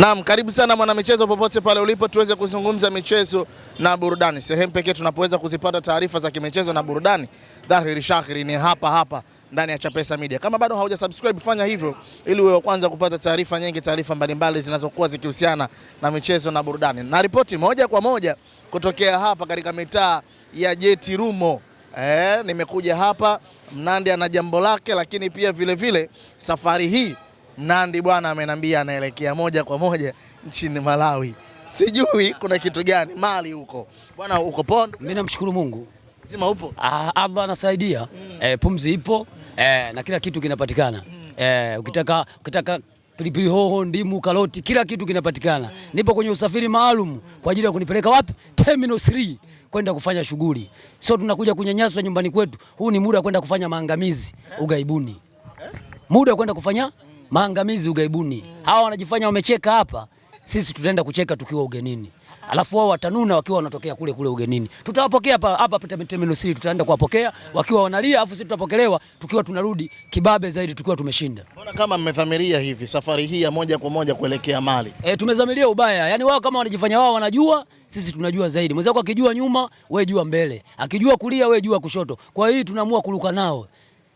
Naam, karibu sana mwanamichezo, popote pale ulipo, tuweze kuzungumza michezo na burudani, sehemu pekee tunapoweza kuzipata taarifa za kimichezo na burudani. Dhahiri shahiri ni hapa hapa ndani ya Chapesa Media. Kama bado hauja subscribe, fanya hivyo ili uwe wa kwanza kupata taarifa nyingi, taarifa mbalimbali zinazokuwa zikihusiana na michezo na burudani, na ripoti moja kwa moja kutokea hapa katika mitaa ya Jeti Rumo. Eh, nimekuja hapa Mnandi ana jambo lake, lakini pia vilevile vile, safari hii Mnandi bwana amenambia anaelekea moja kwa moja nchini Malawi, sijui kuna kitu gani Mali huko bwana, uko pondo. Mimi namshukuru Mungu mzima, upo ah, Allah anasaidia mm. Eh, pumzi ipo Eh, na kila kitu kinapatikana mm. Eh, ukitaka ukitaka pilipili hoho, ndimu, karoti, kila kitu kinapatikana mm. Nipo kwenye usafiri maalum kwa ajili ya kunipeleka wapi, Terminal 3 kwenda kufanya shughuli, sio tunakuja kunyanyaswa nyumbani kwetu. Huu ni muda wa kwenda kufanya maangamizi eh? ugaibuni, eh? muda wa kwenda kufanya maangamizi ugaibuni. Hawa wanajifanya wamecheka hapa, sisi tutaenda kucheka tukiwa ugenini, alafu wao watanuna wakiwa wanatokea kule kule ugenini. Tutawapokea hapa hapa terminal C, tutaenda kuwapokea wakiwa wanalia, alafu sisi tutapokelewa tukiwa tunarudi kibabe zaidi, tukiwa tumeshinda. Mbona kama mmedhamiria hivi safari hii ya moja kwa moja kuelekea Mali? E, eh, tumedhamiria ubaya, yaani wao kama wanajifanya wao wanajua sisi tunajua zaidi. Mwenzako akijua nyuma, wewe jua mbele, akijua kulia, wewe jua kushoto. Kwa hii tunaamua kuruka nao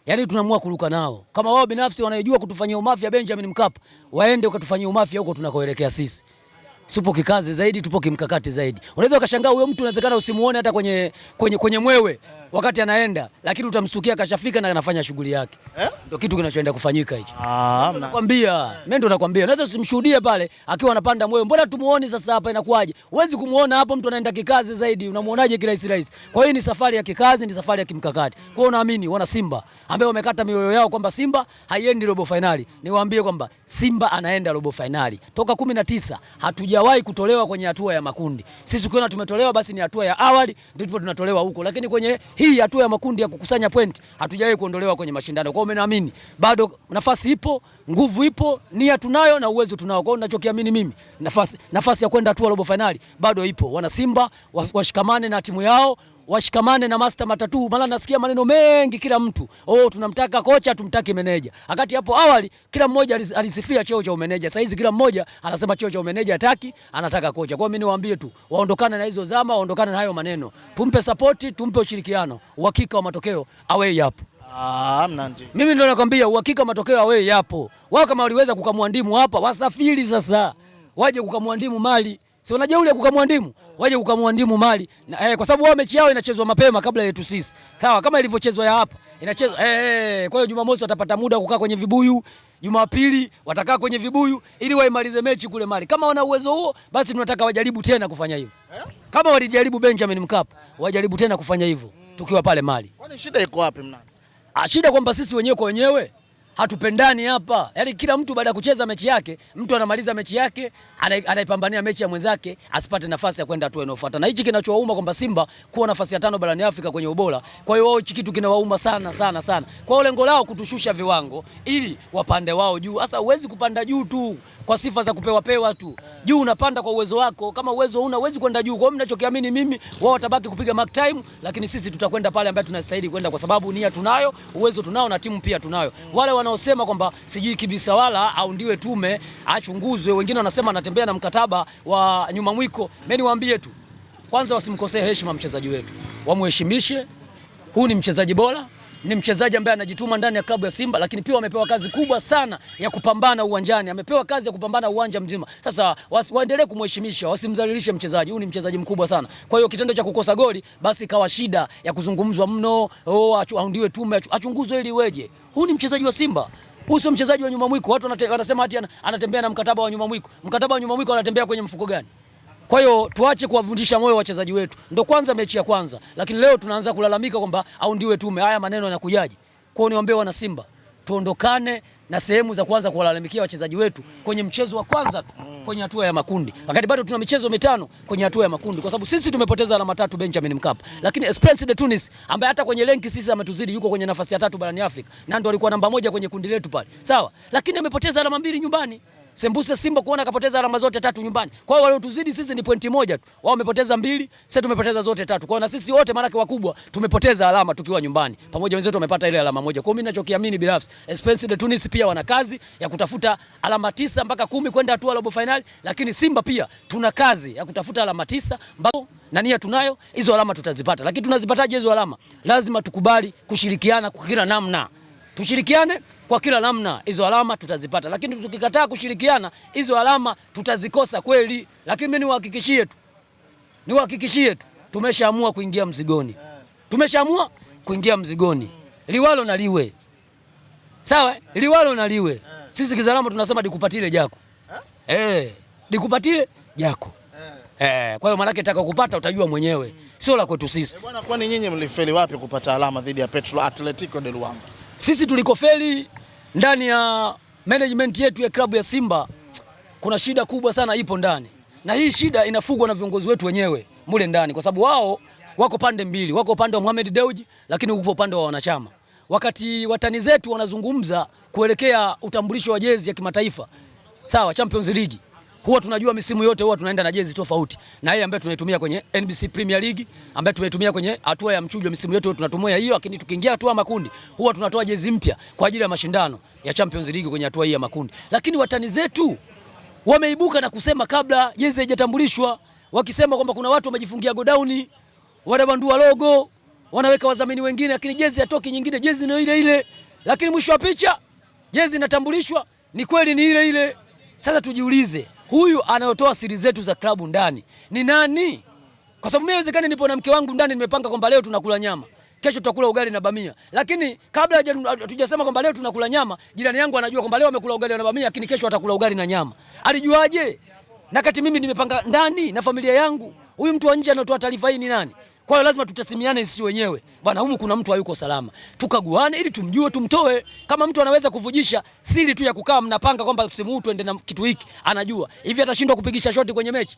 Yaani tunaamua kuruka nao. Kama wao binafsi wanayojua kutufanyia umafia Benjamin Mkapa, waende ukatufanyia umafia huko tunakoelekea sisi. supo kikazi zaidi, tupo kimkakati zaidi. Unaweza ukashangaa huyo mtu unawezekana usimuone hata kwenye kwenye kwenye mwewe wakati anaenda, lakini utamstukia kashafika na anafanya shughuli yake eh? Ndio kitu kinachoenda kufanyika hicho. Ah, nakwambia mimi ndo nakwambia, unaweza usimshuhudie pale akiwa anapanda moyo, mbona tumuone sasa hapa inakuwaje? Huwezi kumuona hapo, mtu anaenda kikazi zaidi, unamuonaje kirahisi rahisi? Kwa hiyo ni safari ya kikazi, ni safari ya kimkakati. Kwa hiyo unaamini wana Simba ambao wamekata mioyo yao kwamba Simba haiendi robo finali, niwaambie kwamba Simba anaenda robo finali. Toka 19 hatujawahi kutolewa kwenye hatua ya makundi. Sisi ukiona tumetolewa, basi ni hatua ya awali ndio tunatolewa huko, lakini kwenye hii hatua ya makundi ya kukusanya point hatujawahi kuondolewa kwenye mashindano. Kwa hiyo naamini bado nafasi ipo, nguvu ipo, nia tunayo na uwezo tunao. Kwa hiyo ninachokiamini mimi, nafasi nafasi ya kwenda hatua robo finali bado ipo. Wana Simba washikamane na timu yao washikamane na Master Matatu, maana nasikia maneno mengi kila mtu. Oh, tunamtaka kocha, tumtaki meneja. Wakati hapo awali kila mmoja alisifia cheo cha umeneja. Sasa hizi kila mmoja anasema cheo cha umeneja hataki, anataka kocha. Kwa hiyo mimi niwaambie tu, waondokane na hizo zama, waondokane na hayo maneno. Tumpe support, tumpe ushirikiano. Uhakika wa matokeo awei hapo. Ah, mimi ndio nakwambia uhakika wa matokeo awe yapo. Wao kama waliweza kukamwandimu hapa, wasafiri sasa. Waje kukamwandimu mali. Si wanajeuri ya kukamua ndimu, waje kukamua ndimu mali na, eh, kwa sababu wao mechi yao inachezwa mapema kabla yetu sisi, sawa kama ilivyochezwa ya hapa inachezwa eh. eh kwa hiyo Jumamosi watapata muda kukaa kwenye vibuyu, Jumapili watakaa kwenye vibuyu ili waimalize mechi kule Mali. Kama wana uwezo huo, basi tunataka wajaribu tena kufanya hivyo, eh? kama walijaribu Benjamin Mkapa, wajaribu tena kufanya hivyo tukiwa pale Mali. Kwani shida iko wapi mnani? Ah, shida kwamba sisi wenyewe kwa wenyewe hatupendani hapa. Yaani kila mtu baada ya kucheza mechi yake, mtu anamaliza mechi yake, anaipambania mechi ya mwenzake asipate nafasi ya kwenda hatua inayofuata. Na hichi kinachowauma kwamba Simba kuwa nafasi ya tano barani Afrika kwenye ubora. Kwa hiyo wao hichi kitu kinawauma sana sana sana. Kwa lengo lao kutushusha viwango ili wapande wao juu. Sasa huwezi kupanda juu tu kwa sifa za kupewa pewa tu. Juu unapanda kwa uwezo wako. Kama uwezo una huwezi kwenda juu. Kwa hiyo ninachokiamini mimi wao watabaki kupiga mark time, lakini sisi tutakwenda pale ambapo tunastahili kwenda kwa sababu nia tunayo, uwezo tunao na timu pia tunayo. Wale wanaosema kwamba sijui Kibisawala au ndiwe tume achunguzwe, wengine wanasema anatembea na mkataba wa nyuma mwiko. Mimi niwaambie tu kwanza, wasimkosee heshima mchezaji wetu, wamheshimishe. Huu ni mchezaji bora ni mchezaji ambaye anajituma ndani ya klabu ya Simba, lakini pia amepewa kazi kubwa sana ya kupambana uwanjani, amepewa kazi ya kupambana uwanja mzima. Sasa waendelee kumheshimisha, wasimdhalilishe mchezaji huyu, ni mchezaji mkubwa sana. Kwa hiyo kitendo cha kukosa goli basi ikawa shida ya kuzungumzwa mno, oh, aundiwe tume, achunguzwe ili weje Huyu ni mchezaji wa Simba. Huyu sio mchezaji wa nyuma mwiko. Watu wanasema hati anatembea na mkataba wa nyuma mwiko. Mkataba wa nyuma mwiko anatembea kwenye mfuko gani? Kwa hiyo tuache kuwavundisha moyo wachezaji wetu. Ndio kwanza mechi ya kwanza, lakini leo tunaanza kulalamika kwamba au ndiwe tume. Haya maneno yanakujaje? Kwao niombe wana Simba tuondokane na sehemu za kwanza kuwalalamikia wachezaji wetu kwenye mchezo wa kwanza kwenye hatua ya makundi, wakati bado tuna michezo mitano kwenye hatua ya makundi, kwa sababu sisi tumepoteza alama tatu Benjamin Mkapa, lakini Esperance de Tunis ambaye hata kwenye lenki sisi ametuzidi, yuko kwenye nafasi ya tatu barani Afrika na ndio alikuwa namba moja kwenye kundi letu pale, sawa, lakini amepoteza alama mbili nyumbani. Sembuse Simba kuona akapoteza alama zote tatu nyumbani. Kwa hiyo waliotuzidi sisi ni pointi moja tu. Wao wamepoteza mbili, sisi tumepoteza zote tatu. Kwa hiyo na sisi wote maana yake wakubwa tumepoteza alama tukiwa nyumbani. Pamoja wenzetu wamepata ile alama moja. Kwa hiyo mimi ninachokiamini binafsi, Esperance de Tunis pia wana kazi ya kutafuta alama tisa mpaka kumi kwenda hatua robo finali, lakini Simba pia tuna kazi ya kutafuta alama tisa mpaka na nia tunayo, hizo alama tutazipata. Lakini tunazipataje hizo alama? Lazima tukubali kushirikiana kwa kila namna. Tushirikiane kwa kila namna hizo alama tutazipata, lakini tukikataa kushirikiana hizo alama tutazikosa kweli. Lakini mimi niwahakikishie tu, niwahakikishie tu, tumeshaamua kuingia mzigoni, tumeshaamua kuingia mzigoni, liwalo na liwe sawa, liwalo na liwe. Sisi Kizaramo tunasema dikupatile jako eh, eh dikupatile jako eh. eh kwa hiyo maanake taka kupata utajua mwenyewe, sio la kwetu sisi eh, bwana. Kwani nyinyi mlifeli wapi kupata alama dhidi ya Petro Atletico de Luanda? Sisi tulikofeli ndani ya management yetu ya klabu ya Simba, kuna shida kubwa sana ipo ndani, na hii shida inafugwa na viongozi wetu wenyewe mule ndani, kwa sababu wao wako pande mbili, wako upande wa Mohamed Dewji, lakini upo upande wa wanachama. Wakati watani zetu wanazungumza kuelekea utambulisho wa jezi ya kimataifa, sawa Champions League huwa tunajua misimu yote huwa tunaenda na jezi tofauti na yeye ambaye tunaitumia kwenye NBC Premier League ambaye tumeitumia kwenye hatua ya mchujo. Misimu yote huwa tunatumia hiyo, lakini tukiingia hatua ya makundi huwa tunatoa jezi mpya kwa ajili ya mashindano ya Champions League kwenye hatua hii ya makundi. Lakini watani zetu wameibuka na kusema kabla jezi haijatambulishwa, wakisema kwamba kuna watu wamejifungia godown, wanabandua logo, wanaweka wadhamini wengine, lakini jezi hatoki nyingine, jezi ni ile ile. Lakini mwisho wa picha jezi inatambulishwa, ni kweli ni ile ile. Sasa tujiulize huyu anayotoa siri zetu za klabu ndani ni nani? Kwa sababu mimi haiwezekani nipo na mke wangu ndani, nimepanga kwamba leo tunakula nyama, kesho tutakula ugali na bamia, lakini kabla hatujasema kwamba leo tunakula nyama, jirani yangu anajua kwamba leo amekula ugali na bamia, lakini kesho atakula ugali na nyama. Alijuaje? na kati mimi nimepanga ndani na familia yangu, huyu mtu wa nje anatoa taarifa hii ni nani? Kwa hiyo lazima tutasimiane sisi wenyewe, bwana, humu kuna mtu hayuko salama, tukaguane ili tumjue, tumtoe. Kama mtu anaweza kuvujisha siri tu ya kukaa mnapanga kwamba msimu huu tuende na kitu hiki, anajua hivi atashindwa kupigisha shoti kwenye mechi.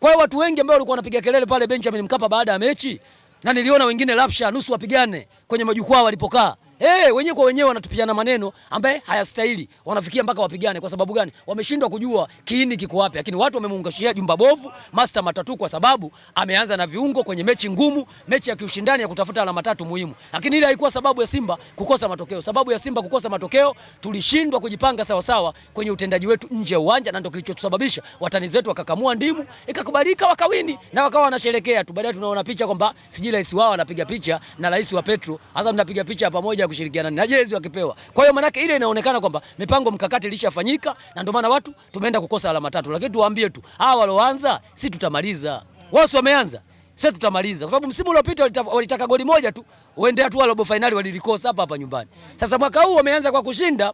Kwa hiyo watu wengi ambao walikuwa wanapiga kelele pale Benjamin Mkapa baada ya mechi, na niliona wengine lapsha nusu wapigane kwenye majukwaa walipokaa eh, wenyewe kwa wenyewe wanatupiana maneno ambaye hayastahili, wanafikia mpaka wapigane. Kwa sababu gani? Wameshindwa kujua kiini kiko wapi, lakini watu wamemungashia jumba bovu Master Matatu kwa sababu ameanza na viungo kwenye mechi ngumu, mechi ya kiushindani ya kutafuta alama tatu muhimu, lakini ile haikuwa sababu ya Simba kukosa matokeo. Sababu ya Simba kukosa matokeo, tulishindwa kujipanga sawa sawa kwenye utendaji wetu nje ya uwanja, na ndio kilichotusababisha watani zetu wakakamua ndimu, ikakubalika, wakawini na wakawa wanasherekea tu. Baadaye tunaona picha kwamba sijui rais wao anapiga picha na rais wa Petro, hasa mnapiga picha pamoja kushirikiana na jezi wakipewa. Kwa hiyo manake ile inaonekana kwamba mipango mkakati ilishafanyika na ndio maana watu tumeenda kukosa alama tatu, lakini tuwaambie tu hawa walioanza, si tutamaliza. Wao wameanza sasa tutamaliza kwa sababu msimu uliopita walitaka goli moja tu uendea tu robo finali walilikosa hapa hapa nyumbani. Sasa mwaka huu wameanza kwa kushinda,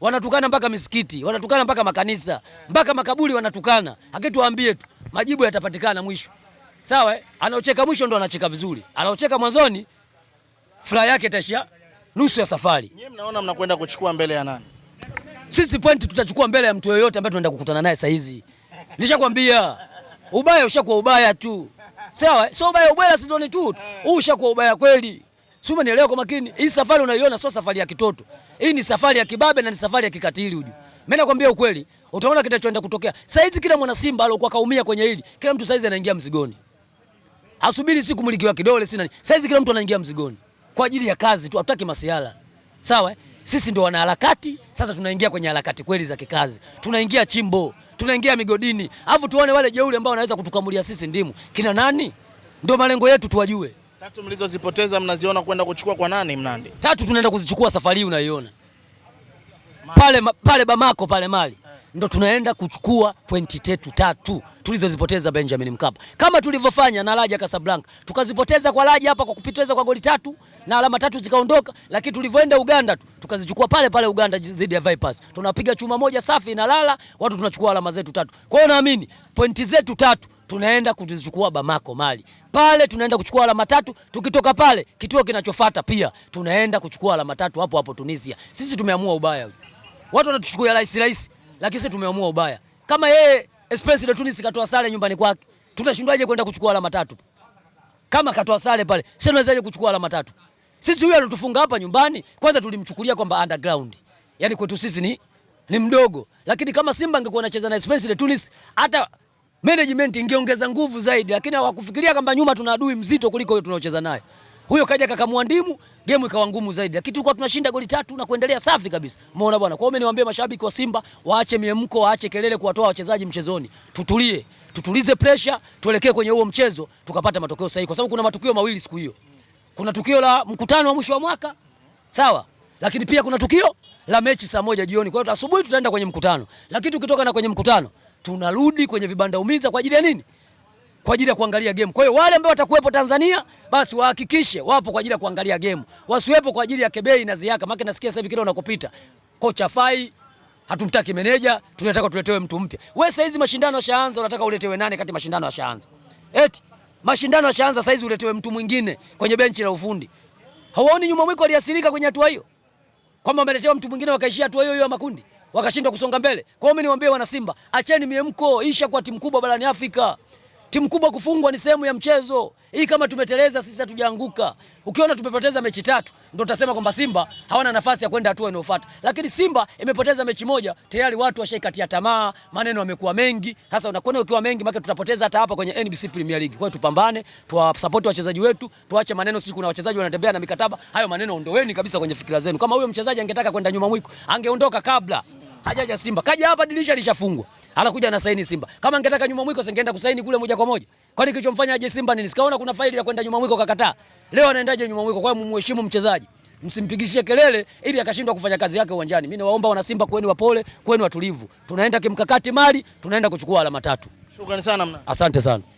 wanatukana mpaka misikiti, wanatukana mpaka makanisa, mpaka makaburi wanatukana. Hakika tuambie tu majibu yatapatikana mwisho. Sawa, eh? anaocheka mwisho ndo anacheka vizuri, anaocheka mwanzoni furaha yake itaishia nusu ya safari. Nyie mnaona mnakwenda kuchukua mbele ya nani? Sisi pointi tutachukua mbele ya mtu yoyote ambaye tunaenda kukutana naye saa hizi. Nishakwambia ubaya ushakuwa ubaya tu, sawa? Sio ubaya ubwela sizoni tu, eh. huu ushakuwa ubaya kweli. Si umenielewa kwa makini? Hii safari unaiona sio safari ya kitoto, hii ni safari ya kibabe na ni safari ya kikatili huju. Mimi nakwambia ukweli, utaona kitachoenda kutokea saa hizi. Kila mwana Simba alokuwa kaumia kwenye hili, kila mtu saa hizi anaingia mzigoni, asubiri siku kumlikiwa kidole sina. Saa hizi kila mtu anaingia mzigoni kwa ajili ya kazi tu, hatutaki masiala. Sawa, eh? sisi ndio wanaharakati. Sasa tunaingia kwenye harakati kweli za kikazi, tunaingia chimbo, tunaingia migodini, alafu tuone wale jeuri ambao wanaweza kutukamulia sisi ndimu kina nani. Ndio malengo yetu tuwajue. Tatu mlizozipoteza mnaziona kwenda kuchukua kwa nani Mnandi? Tatu tunaenda kuzichukua safari hii, unaiona pale pale Bamako pale mali ndo tunaenda kuchukua pointi tetu tatu tulizozipoteza Benjamin Mkapa, kama tulivyofanya na Raja Casablanca. Tukazipoteza kwa Raja hapa kwa kupiteza kwa goli tatu na alama tatu zikaondoka, lakini tulivyoenda Uganda tu tukazichukua pale pale Uganda dhidi ya Vipers. Tunapiga chuma moja safi na lala watu, tunachukua alama zetu tatu. Kwa hiyo naamini pointi zetu tatu tunaenda kuzichukua Bamako Mali pale tunaenda kuchukua alama tatu. Tukitoka pale, kituo kinachofuata pia tunaenda kuchukua alama tatu hapo hapo Tunisia. Sisi tumeamua ubaya, watu wanatuchukulia rahisi rahisi, lakini sisi tumeamua ubaya. Kama yeye Esperance de Tunis katoa sare nyumbani kwake, tunashindwaje kwenda kuchukua alama tatu? Kama katoa sare pale, sisi tunawezaje kuchukua alama tatu? Sisi huyu anatufunga hapa nyumbani, kwanza tulimchukulia kwamba underground, yani kwetu sisi ni ni mdogo, lakini kama Simba angekuwa anacheza na Esperance de Tunis hata management ingeongeza nguvu zaidi, lakini hawakufikiria kwamba nyuma tuna adui mzito kuliko huyo tunaocheza naye. Huyo kaja kakamua ndimu, game ikawa ngumu zaidi. Lakini tulikuwa tunashinda goli tatu na kuendelea safi kabisa. Umeona bwana. Kwa hiyo niwaambie mashabiki wa Simba waache miemko, waache kelele kuwatoa wachezaji mchezoni. Tutulie, tutulize pressure, tuelekee kwenye huo mchezo tukapata matokeo sahihi kwa sababu kuna matukio mawili siku hiyo. Kuna tukio la mkutano wa mwisho wa mwaka. Sawa? Lakini pia kuna tukio la mechi saa moja jioni. Kwa hiyo asubuhi tutaenda kwenye mkutano. Lakini tukitoka na kwenye mkutano tunarudi kwenye vibanda umiza kwa ajili ya nini? kwa ajili ya kuangalia game. Kwa hiyo wale ambao watakuwepo Tanzania basi wahakikishe wapo kwa ajili ya kuangalia game. Wasiwepo kwa ajili ya kebei na ziaka. Maana nasikia sasa hivi kile unakopita. Kocha Fai hatumtaki meneja, tunataka tuletewe mtu mpya. Wewe saizi mashindano yashaanza unataka uletewe nani kati mashindano yashaanza? Eti mashindano yashaanza saizi uletewe mtu mwingine kwenye benchi la ufundi. Hawaoni nyuma mwiko aliasirika kwenye hatua hiyo? Kwamba ameletewa mtu mwingine wakaishia hatua hiyo hiyo ya makundi, wakashindwa kusonga mbele. Kwa hiyo mimi niwaambie wana Simba, acheni miemko, isha kwa timu kubwa barani Afrika. Timu kubwa kufungwa ni sehemu ya mchezo. Hii kama tumeteleza sisi hatujaanguka. Ukiona tumepoteza mechi tatu ndio utasema kwamba Simba hawana nafasi ya kwenda hatua inayofuata. Lakini Simba imepoteza mechi moja, tayari watu washaikatia tamaa, maneno yamekuwa mengi. Sasa unakuwa ukiwa mengi maana tutapoteza hata hapa kwenye NBC Premier League. Kwa hiyo tupambane, tuwa support wachezaji wetu, tuache maneno sisi kuna wachezaji wanatembea na mikataba. Hayo maneno ondoweni kabisa kwenye fikra zenu. Kama huyo mchezaji angetaka kwenda nyuma mwiko, angeondoka kabla. Hajaja Simba. Kaja hapa dirisha lishafungwa. Anakuja na saini Simba. Kama angetaka nyuma mwiko singeenda kusaini kule moja kwa moja. Kwani kilichomfanya aje Simba nini? Sikaona kuna faili ya kwenda nyuma mwiko kakataa. Leo anaendaje nyuma mwiko? Kwa hiyo mumheshimu mchezaji. msimpigishie kelele ili akashindwa kufanya kazi yake uwanjani. Mimi nawaomba wana Simba kweni wapole, kweni watulivu. Tunaenda kimkakati mali, tunaenda kuchukua alama tatu. Shukrani sana mna. Asante sana.